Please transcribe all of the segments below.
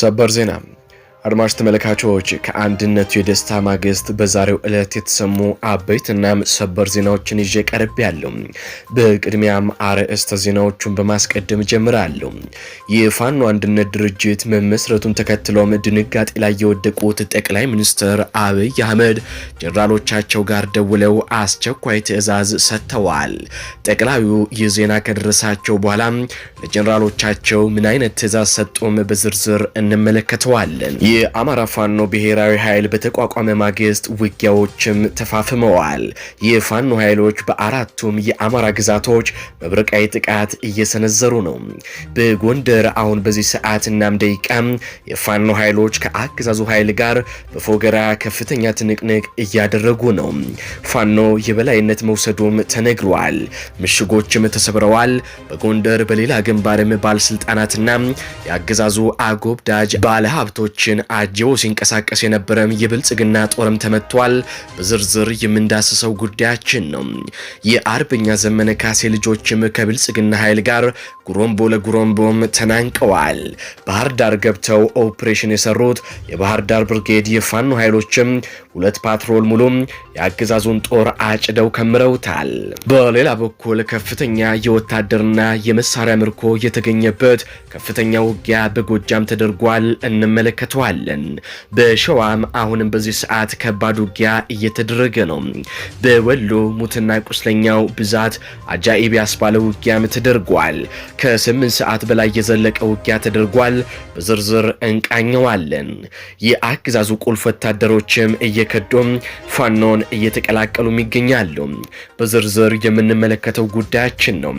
ሰበር ዜና አድማጭ ተመልካቾች ከአንድነቱ የደስታ ማግስት በዛሬው ዕለት የተሰሙ አበይት ሰበር ዜናዎችን ይዤ ቀርብ ያለሁ። በቅድሚያም አርዕስተ ዜናዎቹን በማስቀደም ጀምራለሁ። የፋኖ አንድነት ድርጅት መመስረቱን ተከትሎም ድንጋጤ ላይ የወደቁት ጠቅላይ ሚኒስትር አብይ አህመድ ጀነራሎቻቸው ጋር ደውለው አስቸኳይ ትዕዛዝ ሰጥተዋል። ጠቅላዩ ይህ ዜና ከደረሳቸው በኋላ ለጀነራሎቻቸው ምን አይነት ትዕዛዝ ሰጡም በዝርዝር እንመለከተዋለን። የአማራ ፋኖ ብሔራዊ ኃይል በተቋቋመ ማግስት ውጊያዎችም ተፋፍመዋል። የፋኖ ኃይሎች በአራቱም የአማራ ግዛቶች መብረቃዊ ጥቃት እየሰነዘሩ ነው። በጎንደር አሁን በዚህ ሰዓት እናም ደቂቃም የፋኖ ኃይሎች ከአገዛዙ ኃይል ጋር በፎገራ ከፍተኛ ትንቅንቅ እያደረጉ ነው። ፋኖ የበላይነት መውሰዱም ተነግሯል። ምሽጎችም ተሰብረዋል። በጎንደር በሌላ ግንባርም ባለስልጣናትና የአገዛዙ አጎብዳጅ ባለሀብቶችን አጅቦ ሲንቀሳቀስ የነበረም የብልጽግና ጦርም ተመቷል። በዝርዝር የምንዳስሰው ጉዳያችን ነው። የአርበኛ ዘመነ ካሴ ልጆችም ከብልጽግና ኃይል ጋር ጉሮምቦ ለጉሮምቦም ተናንቀዋል። ባህር ዳር ገብተው ኦፕሬሽን የሰሩት የባህር ዳር ብርጌድ የፋኖ ኃይሎችም ሁለት ፓትሮል ሙሉም የአገዛዙን ጦር አጭደው ከምረውታል። በሌላ በኩል ከፍተኛ የወታደርና የመሳሪያ ምርኮ የተገኘበት ከፍተኛ ውጊያ በጎጃም ተደርጓል። እንመለከተዋል። አለን። በሸዋም አሁንም በዚህ ሰዓት ከባድ ውጊያ እየተደረገ ነው። በወሎ ሙትና ቁስለኛው ብዛት አጃኢብ ያስባለ ውጊያም ተደርጓል። ከስምንት ሰዓት በላይ የዘለቀ ውጊያ ተደርጓል። በዝርዝር እንቃኘዋለን። የአገዛዙ ቁልፍ ወታደሮችም እየከዶም ፋኖን እየተቀላቀሉም ይገኛሉ። በዝርዝር የምንመለከተው ጉዳያችን ነው።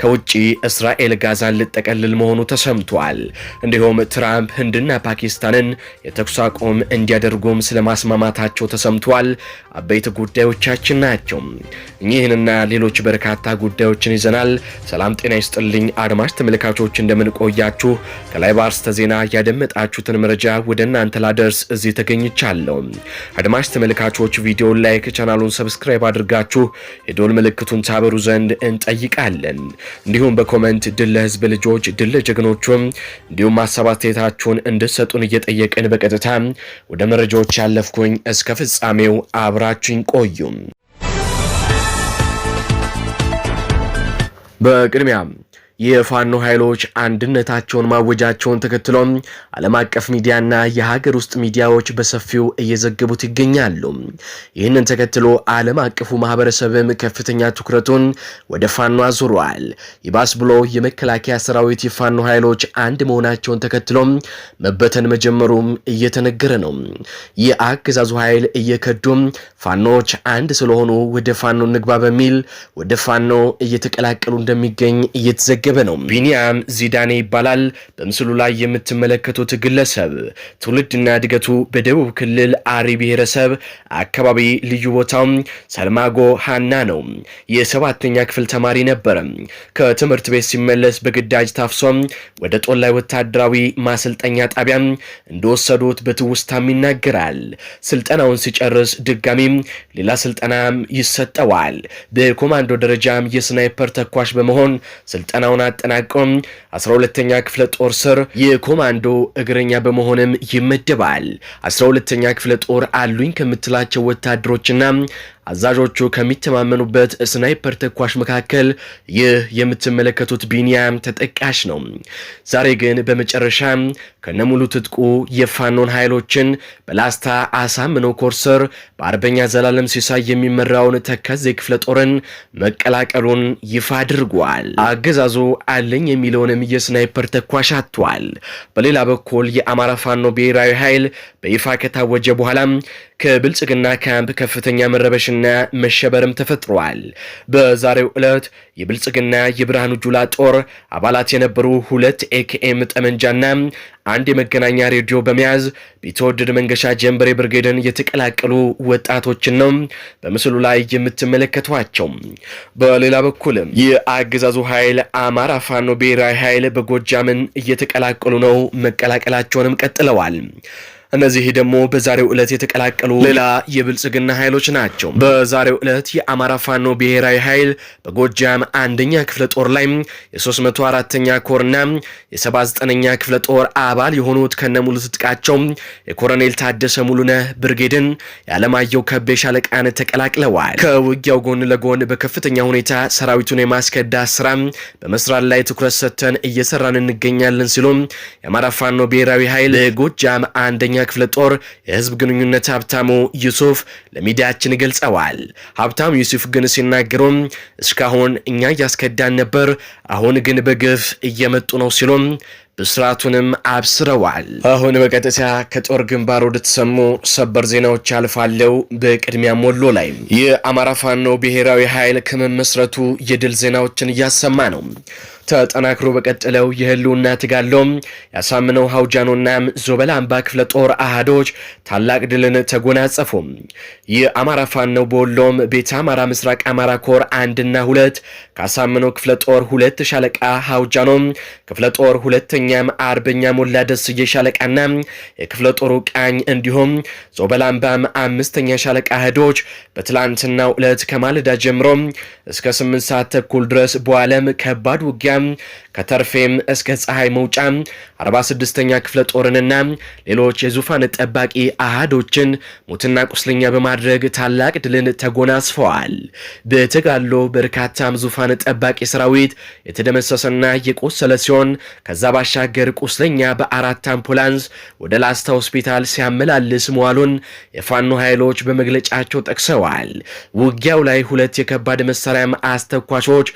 ከውጭ እስራኤል ጋዛን ልጠቀልል መሆኑ ተሰምቷል። እንዲሁም ትራምፕ ህንድና ፓኪስታንን በመወሰን የተኩስ አቁም እንዲያደርጉም ስለማስማማታቸው ተሰምቷል። አበይት ጉዳዮቻችን ናቸው። እኚህንና ሌሎች በርካታ ጉዳዮችን ይዘናል። ሰላም ጤና ይስጥልኝ አድማጭ ተመልካቾች፣ እንደምንቆያችሁ ከላይ በአርስተ ዜና ያደመጣችሁትን መረጃ ወደ እናንተ ላደርስ እዚህ ተገኝቻለሁ። አድማጭ ተመልካቾች ቪዲዮን ላይክ፣ ቻናሉን ሰብስክራይብ አድርጋችሁ የዶል ምልክቱን ታበሩ ዘንድ እንጠይቃለን። እንዲሁም በኮመንት ድል ለህዝብ ልጆች፣ ድል ለጀግኖቹም እንዲሁም ማሰባት አስተያየታችሁን እንድትሰጡን እየጠ እየጠየቅን በቀጥታ ወደ መረጃዎች ያለፍኩኝ፣ እስከ ፍጻሜው አብራችኝ ቆዩም። በቅድሚያ የፋኖ ኃይሎች አንድነታቸውን ማወጃቸውን ተከትሎም ዓለም አቀፍ ሚዲያና የሀገር ውስጥ ሚዲያዎች በሰፊው እየዘገቡት ይገኛሉ። ይህንን ተከትሎ ዓለም አቀፉ ማህበረሰብም ከፍተኛ ትኩረቱን ወደ ፋኖ አዙሯል። ይባስ ብሎ የመከላከያ ሰራዊት የፋኖ ኃይሎች አንድ መሆናቸውን ተከትሎም መበተን መጀመሩም እየተነገረ ነው። የአገዛዙ ኃይል እየከዱም ፋኖች አንድ ስለሆኑ ወደ ፋኖ ንግባ በሚል ወደ ፋኖ እየተቀላቀሉ እንደሚገኝ እየተዘገ የተመዘገበ ነው። ቢኒያም ዚዳኔ ይባላል። በምስሉ ላይ የምትመለከቱት ግለሰብ ትውልድና እድገቱ በደቡብ ክልል አሪ ብሔረሰብ አካባቢ ልዩ ቦታው ሰልማጎ ሃና ነው። የሰባተኛ ክፍል ተማሪ ነበረ። ከትምህርት ቤት ሲመለስ በግዳጅ ታፍሶ ወደ ጦላይ ወታደራዊ ማሰልጠኛ ጣቢያ እንደወሰዱት በትውስታም ይናገራል። ስልጠናውን ሲጨርስ ድጋሚ ሌላ ስልጠናም ይሰጠዋል። በኮማንዶ ደረጃም የስናይፐር ተኳሽ በመሆን ስልጠናውን ስልጠናውን አጠናቆም 12ተኛ ክፍለ ጦር ስር የኮማንዶ እግረኛ በመሆንም ይመደባል። 12ተኛ ክፍለ ጦር አሉኝ ከምትላቸው ወታደሮችና አዛዦቹ ከሚተማመኑበት ስናይፐር ተኳሽ መካከል ይህ የምትመለከቱት ቢኒያም ተጠቃሽ ነው። ዛሬ ግን በመጨረሻ ከነሙሉ ትጥቁ የፋኖን ኃይሎችን በላስታ አሳምነው ኮርሰር በአርበኛ ዘላለም ሲሳይ የሚመራውን ተከዜ ክፍለ ጦርን መቀላቀሉን ይፋ አድርጓል። አገዛዙ አለኝ የሚለውንም የስናይፐር ተኳሽ አጥቷል። በሌላ በኩል የአማራ ፋኖ ብሔራዊ ኃይል በይፋ ከታወጀ በኋላ ከብልጽግና ካምፕ ከፍተኛ መረበሽና መሸበርም ተፈጥሯል። በዛሬው ዕለት የብልጽግና የብርሃኑ ጁላ ጦር አባላት የነበሩ ሁለት ኤክኤም ጠመንጃና አንድ የመገናኛ ሬዲዮ በመያዝ ቢትወደድ መንገሻ ጀንበሬ ብርጌድን የተቀላቀሉ ወጣቶችን ነው በምስሉ ላይ የምትመለከቷቸው። በሌላ በኩልም የአገዛዙ ኃይል አማራ ፋኖ ብሔራዊ ኃይል በጎጃምን እየተቀላቀሉ ነው። መቀላቀላቸውንም ቀጥለዋል። እነዚህ ደግሞ በዛሬው ዕለት የተቀላቀሉ ሌላ የብልጽግና ኃይሎች ናቸው። በዛሬው ዕለት የአማራ ፋኖ ብሔራዊ ኃይል በጎጃም አንደኛ ክፍለ ጦር ላይ የ304ኛ ኮርና የ79ኛ ክፍለ ጦር አባል የሆኑት ከነሙሉ ትጥቃቸው የኮረኔል ታደሰ ሙሉነህ ብርጌድን የዓለማየሁ ከቤ ሻለቃን ተቀላቅለዋል። ከውጊያው ጎን ለጎን በከፍተኛ ሁኔታ ሰራዊቱን የማስከዳ ስራ በመስራት ላይ ትኩረት ሰጥተን እየሰራን እንገኛለን ሲሉ የአማራ ፋኖ ብሔራዊ ኃይል በጎጃም አንደኛ ክፍለ ጦር የህዝብ ግንኙነት ሀብታሙ ዩሱፍ ለሚዲያችን ገልጸዋል። ሀብታሙ ዩሱፍ ግን ሲናገሩም እስካሁን እኛ እያስከዳን ነበር፣ አሁን ግን በግፍ እየመጡ ነው ሲሉም ብስራቱንም አብስረዋል። አሁን በቀጥታ ከጦር ግንባር ወደተሰሙ ሰበር ዜናዎች አልፋለው። በቅድሚያ ሞሎ ላይ የአማራ ፋኖ ብሔራዊ ኃይል ከመመስረቱ የድል ዜናዎችን እያሰማ ነው። ተጠናክሮ በቀጠለው የህልውና ትጋሎም ያሳምነው ሀውጃኖና ዞበላ አምባ ክፍለ ጦር አህዶች ታላቅ ድልን ተጎናጸፉ። የአማራ ፋኖ በወሎም ቤተ አማራ ምስራቅ አማራ ኮር አንድና ሁለት ካሳምነው ክፍለ ጦር ሁለት ሻለቃ ሀውጃኖም ክፍለ ጦር ሁለተኛ አርበኛም አርበኛ ሞላ ደስዬ ሻለቃና የክፍለ ጦሩ ቃኝ እንዲሁም ዞበላምባም አምስተኛ ሻለቃ ህዶች በትላንትናው ዕለት ከማለዳ ጀምሮ እስከ ስምንት ሰዓት ተኩል ድረስ በኋላም ከባድ ውጊያ ከተርፌም እስከ ፀሐይ መውጫ 46ኛ ክፍለ ጦርንና ሌሎች የዙፋን ጠባቂ አሃዶችን ሙትና ቁስለኛ በማድረግ ታላቅ ድልን ተጎናስፈዋል። በተጋሎ በርካታም ዙፋን ጠባቂ ሰራዊት የተደመሰሰና የቆሰለ ሲሆን ከዛ ባሻገር ቁስለኛ በአራት አምፑላንስ ወደ ላስታ ሆስፒታል ሲያመላልስ መዋሉን የፋኖ ኃይሎች በመግለጫቸው ጠቅሰዋል። ውጊያው ላይ ሁለት የከባድ መሳሪያ አስተኳሾች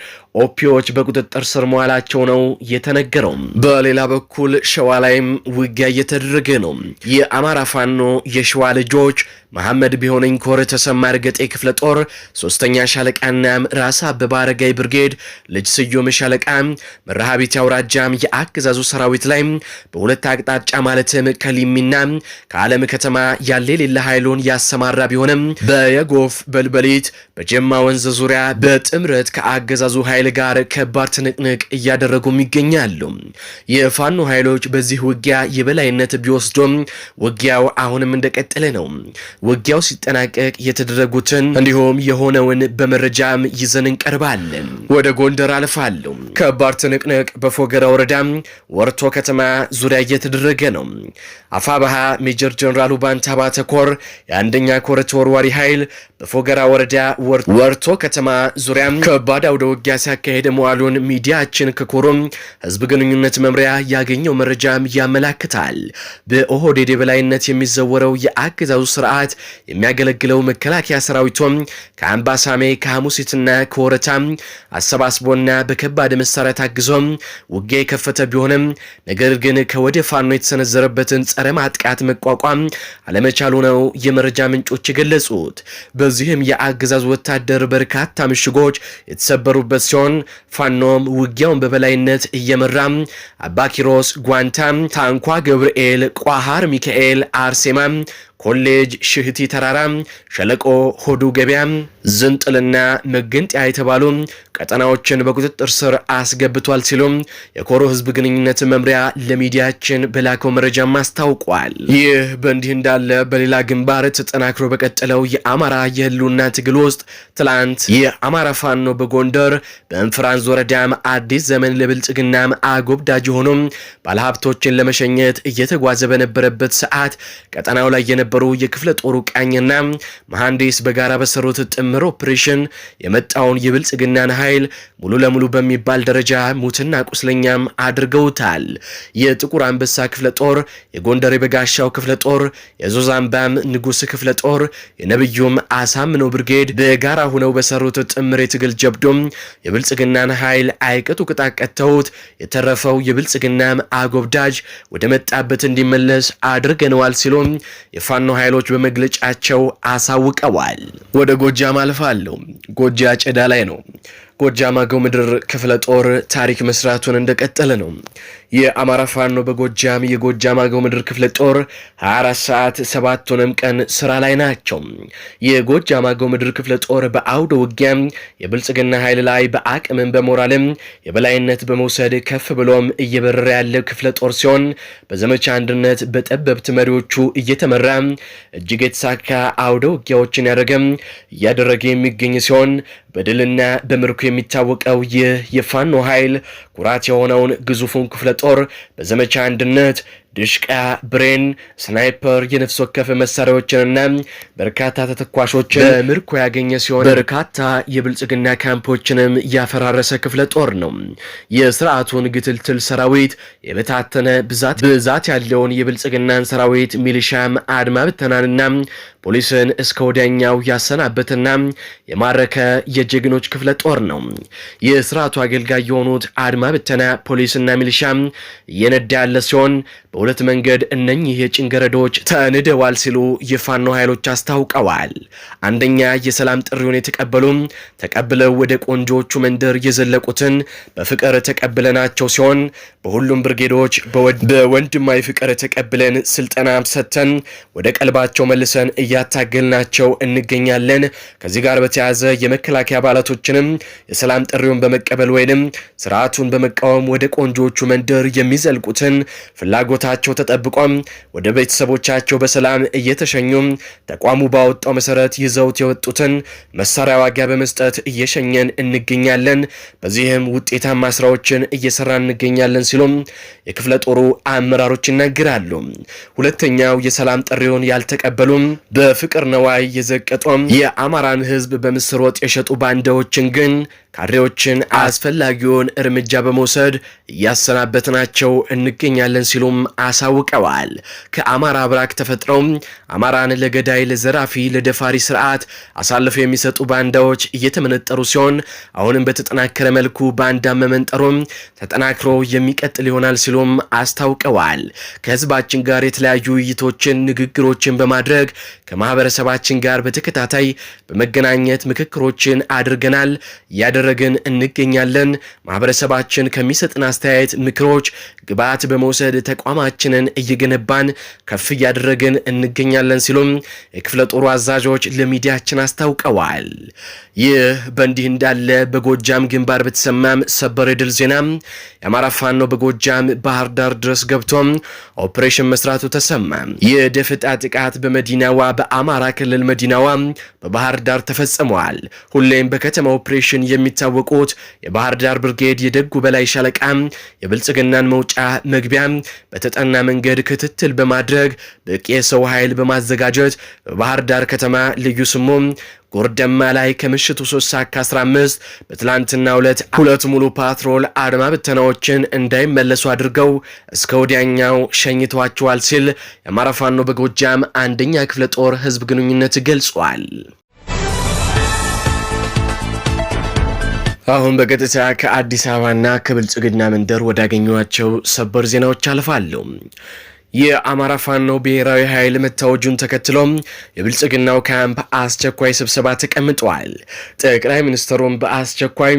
ኦፒዎች በቁጥጥር ስር መዋላቸውን ነው የተነገረው። በሌላ በኩል ሸዋ ላይም ውጊያ እየተደረገ ነው። የአማራ ፋኖ የሸዋ ልጆች መሐመድ ቢሆነኝ ኮር ተሰማ እርገጤ ክፍለ ጦር ሶስተኛ ሻለቃና ራስ አበባ አረጋይ ብርጌድ ልጅ ስዩም ሻለቃ መርሃቤት አውራጃም የአገዛዙ ሰራዊት ላይ በሁለት አቅጣጫ ማለትም ከሊሚና ከዓለም ከተማ ያለ የሌለ ኃይሉን ያሰማራ ቢሆንም በየጎፍ በልበሊት በጀማ ወንዝ ዙሪያ በጥምረት ከአገዛዙ ኃይል ጋር ከባድ ትንቅንቅ እያደረጉም ይገኛሉ። የፋኖ ኃይሎች በዚህ ውጊያ የበላይነት ቢወስዶም ውጊያው አሁንም እንደቀጠለ ነው። ውጊያው ሲጠናቀቅ የተደረጉትን እንዲሁም የሆነውን በመረጃም ይዘን እንቀርባለን። ወደ ጎንደር አልፋለሁ። ከባድ ትንቅንቅ በፎገራ ወረዳ ወርቶ ከተማ ዙሪያ እየተደረገ ነው። አፋባሃ ሜጀር ጀኔራሉ ባንታባ ተኮር የአንደኛ ኮር ተወርዋሪ ኃይል በፎገራ ወረዳ ወርቶ ከተማ ዙሪያ ከባድ አውደ ውጊያ ሲያካሄደ መዋሉን ሚዲያችን ከኮሮም ህዝብ ግንኙነት መምሪያ ያገኘው መረጃም ያመላክታል። በኦህዴድ የበላይነት የሚዘወረው የአገዛዙ ስርዓት ለመዋጋት የሚያገለግለው መከላከያ ሰራዊቱም ከአምባሳሜ ከሐሙሲትና ከወረታ አሰባስቦና በከባድ መሳሪያ ታግዞ ውጊያ የከፈተ ቢሆንም ነገር ግን ከወደ ፋኖ የተሰነዘረበትን ጸረ ማጥቃት መቋቋም አለመቻሉ ነው የመረጃ ምንጮች የገለጹት። በዚህም የአገዛዝ ወታደር በርካታ ምሽጎች የተሰበሩበት ሲሆን ፋኖም ውጊያውን በበላይነት እየመራ አባኪሮስ፣ ጓንታ፣ ታንኳ ገብርኤል፣ ቋሃር ሚካኤል፣ አርሴማ ኮሌጅ ሽህቲ ተራራ፣ ሸለቆ ሆዱ ገበያ፣ ዝንጥልና መገንጥያ የተባሉ ቀጠናዎችን በቁጥጥር ስር አስገብቷል ሲሉ የኮሮ ህዝብ ግንኙነት መምሪያ ለሚዲያችን በላከው መረጃም አስታውቋል። ይህ በእንዲህ እንዳለ በሌላ ግንባር ተጠናክሮ በቀጠለው የአማራ የህልውና ትግል ውስጥ ትላንት የአማራ ፋኖ በጎንደር በእንፍራንዝ ወረዳም አዲስ ዘመን ለብልጽግናም አጎብዳጅ ሆኖ ባለሀብቶችን ለመሸኘት እየተጓዘ በነበረበት ሰዓት ቀጠናው ላይ የነበ የነበሩ የክፍለ ጦሩ ቃኝና መሐንዲስ በጋራ በሰሩት ጥምር ኦፕሬሽን የመጣውን የብልጽግናን ኃይል ሙሉ ለሙሉ በሚባል ደረጃ ሙትና ቁስለኛም አድርገውታል። የጥቁር አንበሳ ክፍለ ጦር፣ የጎንደር የበጋሻው ክፍለ ጦር፣ የዞዛምባም ንጉስ ክፍለ ጦር፣ የነብዩም አሳምነው ብርጌድ በጋራ ሁነው በሰሩት ጥምር የትግል ጀብዶም የብልጽግናን ኃይል አይቀጡ ቅጣት የተረፈው የብልጽግናም አጎብዳጅ ወደ መጣበት እንዲመለስ አድርገነዋል ሲሉም ፋኖ ኃይሎች በመግለጫቸው አሳውቀዋል። ወደ ጎጃም አልፋለሁ። ጎጃ ጨዳ ላይ ነው። ጎጃም አገው ምድር ክፍለ ጦር ታሪክ መስራቱን እንደቀጠለ ነው። የአማራ ፋኖ በጎጃም የጎጃም አገው ምድር ክፍለ ጦር 24 ሰዓት 7 ሆነም ቀን ስራ ላይ ናቸው። የጎጃም አገው ምድር ክፍለ ጦር በአውደ ውጊያም የብልጽግና ኃይል ላይ በአቅምም በሞራልም የበላይነት በመውሰድ ከፍ ብሎም እየበረረ ያለ ክፍለ ጦር ሲሆን በዘመቻ አንድነት በጠበብት መሪዎቹ እየተመራ እጅግ የተሳካ አውደ ውጊያዎችን ያደረገም እያደረገ የሚገኝ ሲሆን በድልና በምርኩ የሚታወቀው ይህ የፋኖ ኃይል ኩራት የሆነውን ግዙፉን ክፍለ ጦር በዘመቻ አንድነት ድሽቃ፣ ብሬን፣ ስናይፐር፣ የነፍስ ወከፍ መሳሪያዎችንና በርካታ ተተኳሾችን በምርኮ ያገኘ ሲሆን በርካታ የብልጽግና ካምፖችንም ያፈራረሰ ክፍለ ጦር ነው። የስርዓቱን ግትልትል ሰራዊት የበታተነ ብዛት ብዛት ያለውን የብልጽግናን ሰራዊት ሚሊሻም አድማ ብተናንና ፖሊስን እስከ ወዲያኛው ያሰናበትና የማረከ የጀግኖች ክፍለ ጦር ነው። የስርዓቱ አገልጋይ የሆኑት አድማ ብተና ፖሊስና ሚሊሻ እየነዳ ያለ ሲሆን በሁለት መንገድ እነኚህ የጭንገረዶች ተንደዋል ሲሉ የፋኖ ኃይሎች አስታውቀዋል። አንደኛ የሰላም ጥሪውን የተቀበሉ ተቀብለው ወደ ቆንጆቹ መንደር የዘለቁትን በፍቅር ተቀብለናቸው ሲሆን በሁሉም ብርጌዶች በወንድማዊ ፍቅር ተቀብለን ስልጠና ሰጥተን ወደ ቀልባቸው መልሰን እያታገልናቸው እንገኛለን። ከዚህ ጋር በተያያዘ የመከላከያ አባላቶችንም የሰላም ጥሪውን በመቀበል ወይንም ስርዓቱን በመቃወም ወደ ቆንጆቹ መንደር የሚዘልቁትን ፍላጎታ ደህንነታቸው ተጠብቋም ወደ ቤተሰቦቻቸው በሰላም እየተሸኙ ተቋሙ ባወጣው መሰረት ይዘውት የወጡትን መሳሪያ ዋጋ በመስጠት እየሸኘን እንገኛለን። በዚህም ውጤታማ ስራዎችን እየሰራ እንገኛለን ሲሉም የክፍለ ጦሩ አመራሮች ይናገራሉ። ሁለተኛው የሰላም ጥሪውን ያልተቀበሉም በፍቅር ነዋይ የዘቀጡም የአማራን ህዝብ በምስር ወጥ የሸጡ ባንዳዎችን ግን ካድሬዎችን አስፈላጊውን እርምጃ በመውሰድ እያሰናበትናቸው እንገኛለን ሲሉም አሳውቀዋል። ከአማራ ብራክ ተፈጥረው አማራን ለገዳይ፣ ለዘራፊ፣ ለደፋሪ ስርዓት አሳልፈው የሚሰጡ ባንዳዎች እየተመነጠሩ ሲሆን አሁንም በተጠናከረ መልኩ ባንዳ መመንጠሩም ተጠናክሮ የሚቀጥል ይሆናል ሲሉም አስታውቀዋል። ከህዝባችን ጋር የተለያዩ ውይይቶችን፣ ንግግሮችን በማድረግ ከማህበረሰባችን ጋር በተከታታይ በመገናኘት ምክክሮችን አድርገናል። እያደረግን እንገኛለን። ማህበረሰባችን ከሚሰጥን አስተያየት፣ ምክሮች ግብዓት በመውሰድ ተቋማችንን እየገነባን ከፍ እያደረግን እንገኛለን ሲሉም የክፍለ ጦሩ አዛዦች ለሚዲያችን አስታውቀዋል። ይህ በእንዲህ እንዳለ በጎጃም ግንባር በተሰማም ሰበር የድል ዜና የአማራ ፋኖ በጎጃም ባህር ዳር ድረስ ገብቶም ኦፕሬሽን መስራቱ ተሰማ። የደፈጣ ጥቃት በመዲናዋ በአማራ ክልል መዲናዋ በባህር ዳር ተፈጽመዋል። ሁሌም በከተማ ኦፕሬሽን የሚ የሚታወቁት የባህር ዳር ብርጌድ የደጉ በላይ ሻለቃ የብልጽግናን መውጫ መግቢያ በተጠና መንገድ ክትትል በማድረግ በቂ የሰው ኃይል በማዘጋጀት በባህር ዳር ከተማ ልዩ ስሙ ጎርደማ ላይ ከምሽቱ 3 ሰዓት 15 በትላንትና ሁለት ሁለት ሙሉ ፓትሮል አድማ ብተናዎችን እንዳይመለሱ አድርገው እስከ ወዲያኛው ሸኝተዋቸዋል ሲል የአማራ ፋኖ በጎጃም አንደኛ ክፍለ ጦር ህዝብ ግንኙነት ገልጿል። አሁን በቀጥታ ከአዲስ አበባና ከብልጽግና መንደር ወዳገኟቸው ሰበር ዜናዎች አልፋለሁ። የአማራ ፋኖ ብሔራዊ ኃይል መታወጁን ተከትሎ የብልጽግናው ካምፕ አስቸኳይ ስብሰባ ተቀምጠዋል። ጠቅላይ ሚኒስትሩም በአስቸኳይ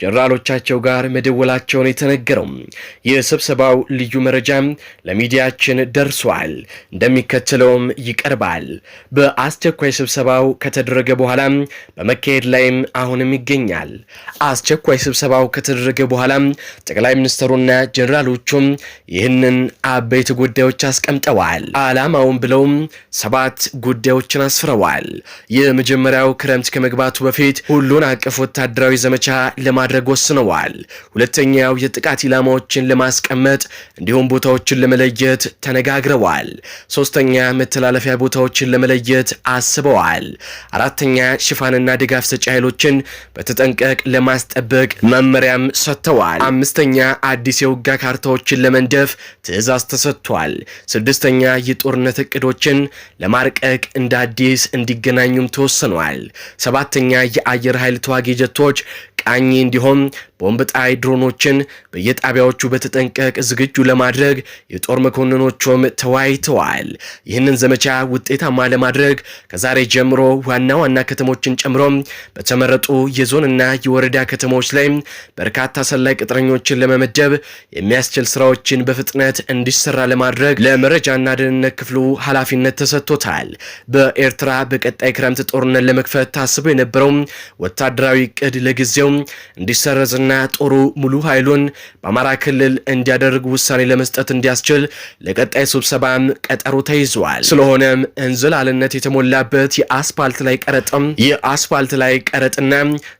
ጀነራሎቻቸው ጋር መደወላቸውን የተነገረው የስብሰባው ልዩ መረጃ ለሚዲያችን ደርሷል፣ እንደሚከተለውም ይቀርባል። በአስቸኳይ ስብሰባው ከተደረገ በኋላ በመካሄድ ላይም አሁንም ይገኛል። አስቸኳይ ስብሰባው ከተደረገ በኋላ ጠቅላይ ሚኒስትሩና ጀነራሎቹም ይህንን አበይት ጉዳዮች ጉዳዮች አስቀምጠዋል። አላማውን ብለውም ሰባት ጉዳዮችን አስፍረዋል። የመጀመሪያው ክረምት ከመግባቱ በፊት ሁሉን አቀፍ ወታደራዊ ዘመቻ ለማድረግ ወስነዋል። ሁለተኛው የጥቃት ኢላማዎችን ለማስቀመጥ እንዲሁም ቦታዎችን ለመለየት ተነጋግረዋል። ሶስተኛ መተላለፊያ ቦታዎችን ለመለየት አስበዋል። አራተኛ ሽፋንና ድጋፍ ሰጪ ኃይሎችን በተጠንቀቅ ለማስጠበቅ መመሪያም ሰጥተዋል። አምስተኛ አዲስ የውጋ ካርታዎችን ለመንደፍ ትዕዛዝ ተሰጥቷል። ስድስተኛ የጦርነት እቅዶችን ለማርቀቅ እንደ አዲስ እንዲገናኙም ተወስኗል። ሰባተኛ የአየር ኃይል ተዋጊ ጀቶች ቃኝ እንዲሆን ቦምብ ጣይ ድሮኖችን በየጣቢያዎቹ በተጠንቀቅ ዝግጁ ለማድረግ የጦር መኮንኖቹም ተወያይተዋል። ይህንን ዘመቻ ውጤታማ ለማድረግ ከዛሬ ጀምሮ ዋና ዋና ከተሞችን ጨምሮ በተመረጡ የዞንና የወረዳ ከተሞች ላይ በርካታ ሰላይ ቅጥረኞችን ለመመደብ የሚያስችል ስራዎችን በፍጥነት እንዲሰራ ለማድረግ ለመረጃና ደህንነት ክፍሉ ኃላፊነት ተሰጥቶታል። በኤርትራ በቀጣይ ክረምት ጦርነት ለመክፈት ታስቦ የነበረው ወታደራዊ እቅድ ለጊዜው እንዲሰረዝና ጦሩ ሙሉ ኃይሉን በአማራ ክልል እንዲያደርግ ውሳኔ ለመስጠት እንዲያስችል ለቀጣይ ስብሰባም ቀጠሮ ተይዟል። ስለሆነም እንዝላልነት የተሞላበት የአስፋልት ላይ ቀረጥም የአስፋልት ላይ ቀረጥና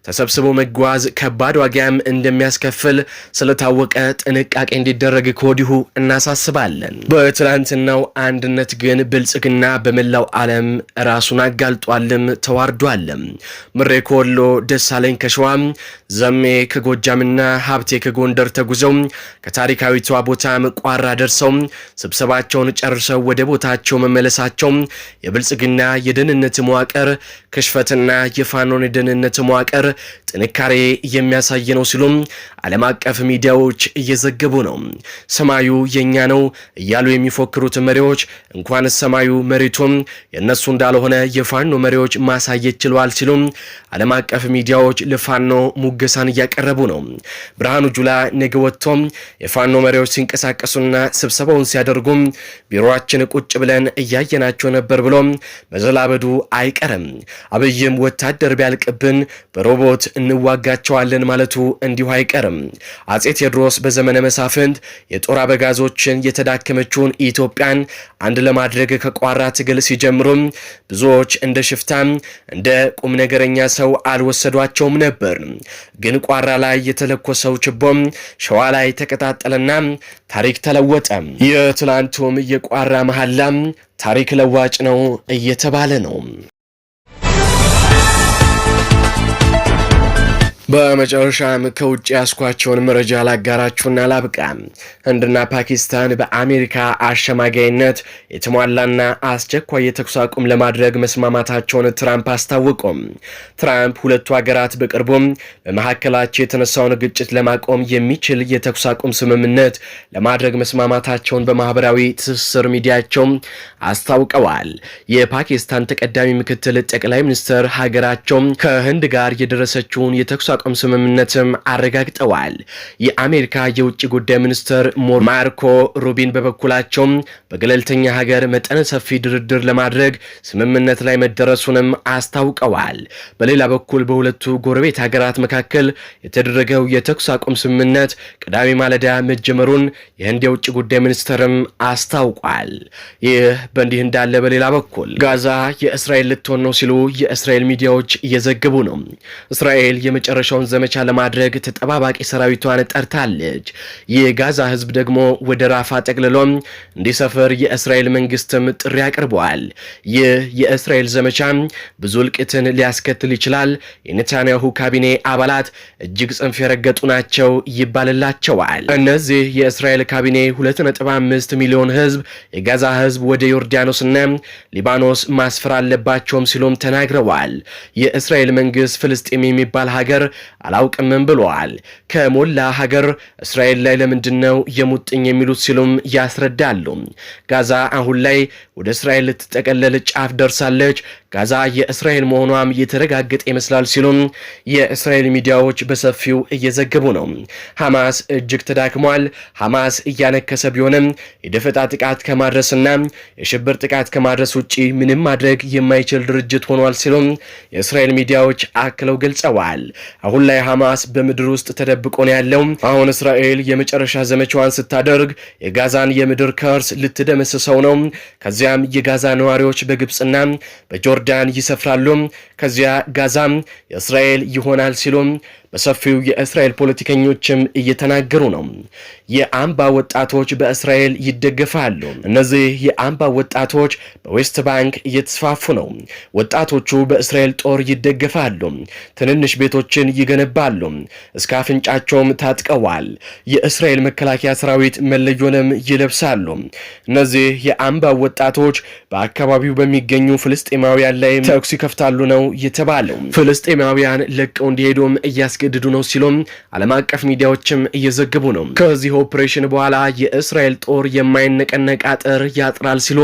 ተሰብስቦ መጓዝ ከባድ ዋጋም እንደሚያስከፍል ስለታወቀ ጥንቃቄ እንዲደረግ ከወዲሁ እናሳስባለን። በትናንትናው አንድነት ግን ብልጽግና በመላው ዓለም ራሱን አጋልጧልም ተዋርዷልም። ምሬ ከወሎ ደሳለኝ ከሸዋም ዘሜ ከጎጃምና ሀብቴ ከጎንደር ተጉዘው ከታሪካዊቷ ቦታ ቋራ ደርሰው ስብሰባቸውን ጨርሰው ወደ ቦታቸው መመለሳቸው የብልጽግና የደህንነት መዋቅር ክሽፈትና የፋኖን የደህንነት መዋቅር ጥንካሬ የሚያሳይ ነው ሲሉም ዓለም አቀፍ ሚዲያዎች እየዘገቡ ነው። ሰማዩ የእኛ ነው እያሉ የሚፎክሩት መሪዎች እንኳን ሰማዩ መሬቱም የእነሱ እንዳልሆነ የፋኖ መሪዎች ማሳየት ችለዋል ሲሉም ዓለም አቀፍ ሚዲያዎች ለፋኖ ሙገሳን እያቀረቡ ነው። ብርሃኑ ጁላ ነገ ወጥቶም የፋኖ መሪዎች ሲንቀሳቀሱና ስብሰባውን ሲያደርጉም ቢሮችን ቁጭ ብለን እያየናቸው ነበር ብሎ መዘላበዱ አይቀርም። አብይም ወታደር ቢያልቅብን በሮቦት እንዋጋቸዋለን ማለቱ እንዲሁ አይቀርም። አጼ ቴዎድሮስ በዘመነ መሳፍንት የጦር አበጋዞችን የተዳከመችውን ኢትዮጵያን አንድ ለማድረግ ከቋራ ትግል ሲጀምሩም ብዙዎች እንደ ሽፍታ እንደ ቁም ነገረኛ ሰው አልወሰዷቸውም ነበር። ግን ቋራ ላይ የተለኮሰው ችቦም ሸዋ ላይ ተቀጣጠለና ታሪክ ተለወጠ። የትላንቱም የቋራ መሐላ ታሪክ ለዋጭ ነው እየተባለ ነው። በመጨረሻም ከውጭ ያስኳቸውን መረጃ ላጋራችሁና ላብቃ። ህንድና ፓኪስታን በአሜሪካ አሸማጋይነት የተሟላና አስቸኳይ የተኩስ አቁም ለማድረግ መስማማታቸውን ትራምፕ አስታወቁም። ትራምፕ ሁለቱ ሀገራት በቅርቡም በመካከላቸው የተነሳውን ግጭት ለማቆም የሚችል የተኩስ አቁም ስምምነት ለማድረግ መስማማታቸውን በማህበራዊ ትስስር ሚዲያቸው አስታውቀዋል። የፓኪስታን ተቀዳሚ ምክትል ጠቅላይ ሚኒስትር ሀገራቸው ከህንድ ጋር የደረሰችውን የተኩስ የማቆም ስምምነትም አረጋግጠዋል። የአሜሪካ የውጭ ጉዳይ ሚኒስትር ማርኮ ሩቢን በበኩላቸው በገለልተኛ ሀገር መጠነ ሰፊ ድርድር ለማድረግ ስምምነት ላይ መደረሱንም አስታውቀዋል። በሌላ በኩል በሁለቱ ጎረቤት ሀገራት መካከል የተደረገው የተኩስ አቁም ስምምነት ቅዳሜ ማለዳ መጀመሩን የህንድ የውጭ ጉዳይ ሚኒስትርም አስታውቋል። ይህ በእንዲህ እንዳለ በሌላ በኩል ጋዛ የእስራኤል ልትሆን ነው ሲሉ የእስራኤል ሚዲያዎች እየዘገቡ ነው። እስራኤል የመጨረሻው የመጨረሻውን ዘመቻ ለማድረግ ተጠባባቂ ሰራዊቷን ጠርታለች። የጋዛ ህዝብ ደግሞ ወደ ራፋ ጠቅልሎም እንዲሰፈር የእስራኤል መንግስትም ጥሪ አቅርበዋል። ይህ የእስራኤል ዘመቻ ብዙ እልቂትን ሊያስከትል ይችላል፣ የኔታንያሁ ካቢኔ አባላት እጅግ ጽንፍ የረገጡ ናቸው ይባልላቸዋል። እነዚህ የእስራኤል ካቢኔ 2.5 ሚሊዮን ህዝብ የጋዛ ህዝብ ወደ ዮርዳኖስና ሊባኖስ ማስፈር አለባቸውም ሲሉም ተናግረዋል። የእስራኤል መንግስት ፍልስጤም የሚባል ሀገር አላውቅምም ብለዋል። ከሞላ ሀገር እስራኤል ላይ ለምንድን ነው የሙጥኝ የሚሉት ሲሉም ያስረዳሉ። ጋዛ አሁን ላይ ወደ እስራኤል ልትጠቀለል ጫፍ ደርሳለች። ጋዛ የእስራኤል መሆኗም የተረጋገጠ ይመስላል ሲሉም የእስራኤል ሚዲያዎች በሰፊው እየዘገቡ ነው። ሐማስ እጅግ ተዳክሟል። ሐማስ እያነከሰ ቢሆንም የደፈጣ ጥቃት ከማድረስና የሽብር ጥቃት ከማድረስ ውጭ ምንም ማድረግ የማይችል ድርጅት ሆኗል ሲሉም የእስራኤል ሚዲያዎች አክለው ገልጸዋል። አሁን ላይ ሐማስ በምድር ውስጥ ተደብቆ ነው ያለው። አሁን እስራኤል የመጨረሻ ዘመቻዋን ስታደርግ የጋዛን የምድር ከርስ ልትደመስሰው ነው። ከዚያም የጋዛ ነዋሪዎች በግብፅና በጆርዳን ይሰፍራሉ። ከዚያ ጋዛም የእስራኤል ይሆናል ሲሉ በሰፊው የእስራኤል ፖለቲከኞችም እየተናገሩ ነው። የአምባ ወጣቶች በእስራኤል ይደገፋሉ። እነዚህ የአምባ ወጣቶች በዌስት ባንክ እየተስፋፉ ነው። ወጣቶቹ በእስራኤል ጦር ይደገፋሉ። ትንንሽ ቤቶችን ይገነባሉ። እስከ አፍንጫቸውም ታጥቀዋል። የእስራኤል መከላከያ ሰራዊት መለዮንም ይለብሳሉ። እነዚህ የአምባ ወጣቶች በአካባቢው በሚገኙ ፍልስጤማውያን ላይ ተኩስ ይከፍታሉ ነው የተባለው። ፍልስጤማውያን ለቀው እንዲሄዱም እያስገ እያስገድዱ ነው ሲሉም ዓለም አቀፍ ሚዲያዎችም እየዘገቡ ነው። ከዚህ ኦፕሬሽን በኋላ የእስራኤል ጦር የማይነቀነቅ አጥር ያጥራል ሲሉ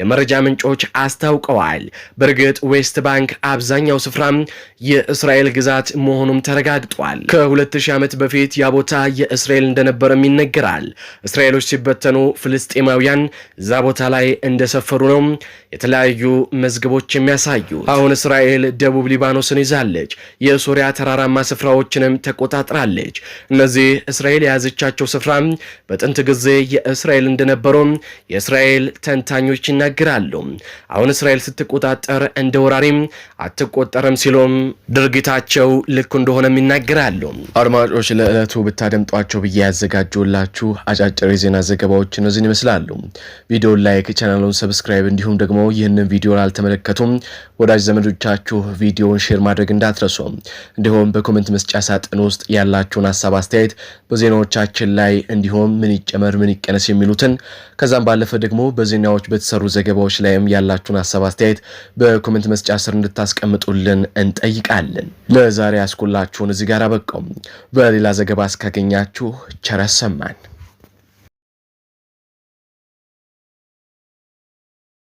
የመረጃ ምንጮች አስታውቀዋል። በእርግጥ ዌስት ባንክ አብዛኛው ስፍራ የእስራኤል ግዛት መሆኑም ተረጋግጧል። ከ2000 ዓመት በፊት ያ ቦታ የእስራኤል እንደነበረም ይነገራል። እስራኤሎች ሲበተኑ ፍልስጤማውያን እዛ ቦታ ላይ እንደሰፈሩ ነው የተለያዩ መዝገቦች የሚያሳዩት። አሁን እስራኤል ደቡብ ሊባኖስን ይዛለች። የሶሪያ ተራራማ ስፍራዎች ቦታዎችንም ተቆጣጥራለች። እነዚህ እስራኤል የያዘቻቸው ስፍራ በጥንት ጊዜ የእስራኤል እንደነበሩ የእስራኤል ተንታኞች ይናገራሉ። አሁን እስራኤል ስትቆጣጠር እንደ ወራሪም አትቆጠርም ሲሉም ድርጊታቸው ልክ እንደሆነም ይናገራሉ። አድማጮች ለዕለቱ ብታደምጧቸው ብዬ ያዘጋጁላችሁ አጫጭር የዜና ዘገባዎች እነዚህን ይመስላሉ። ቪዲዮን ላይክ፣ ቻናሉን ሰብስክራይብ እንዲሁም ደግሞ ይህንን ቪዲዮ ላልተመለከቱም ወዳጅ ዘመዶቻችሁ ቪዲዮውን ሼር ማድረግ እንዳትረሱ። እንዲሁም በኮሜንት መስጫ ሳጥን ውስጥ ያላችሁን ሀሳብ አስተያየት፣ በዜናዎቻችን ላይ እንዲሁም ምን ይጨመር ምን ይቀነስ የሚሉትን ከዛም ባለፈ ደግሞ በዜናዎች በተሰሩ ዘገባዎች ላይም ያላችሁን ሀሳብ አስተያየት በኮሜንት መስጫ ስር እንድታስቀምጡልን እንጠይቃለን። ለዛሬ ያስኩላችሁን እዚህ ጋር አበቃው። በሌላ ዘገባ እስካገኛችሁ ቸር ያሰማን።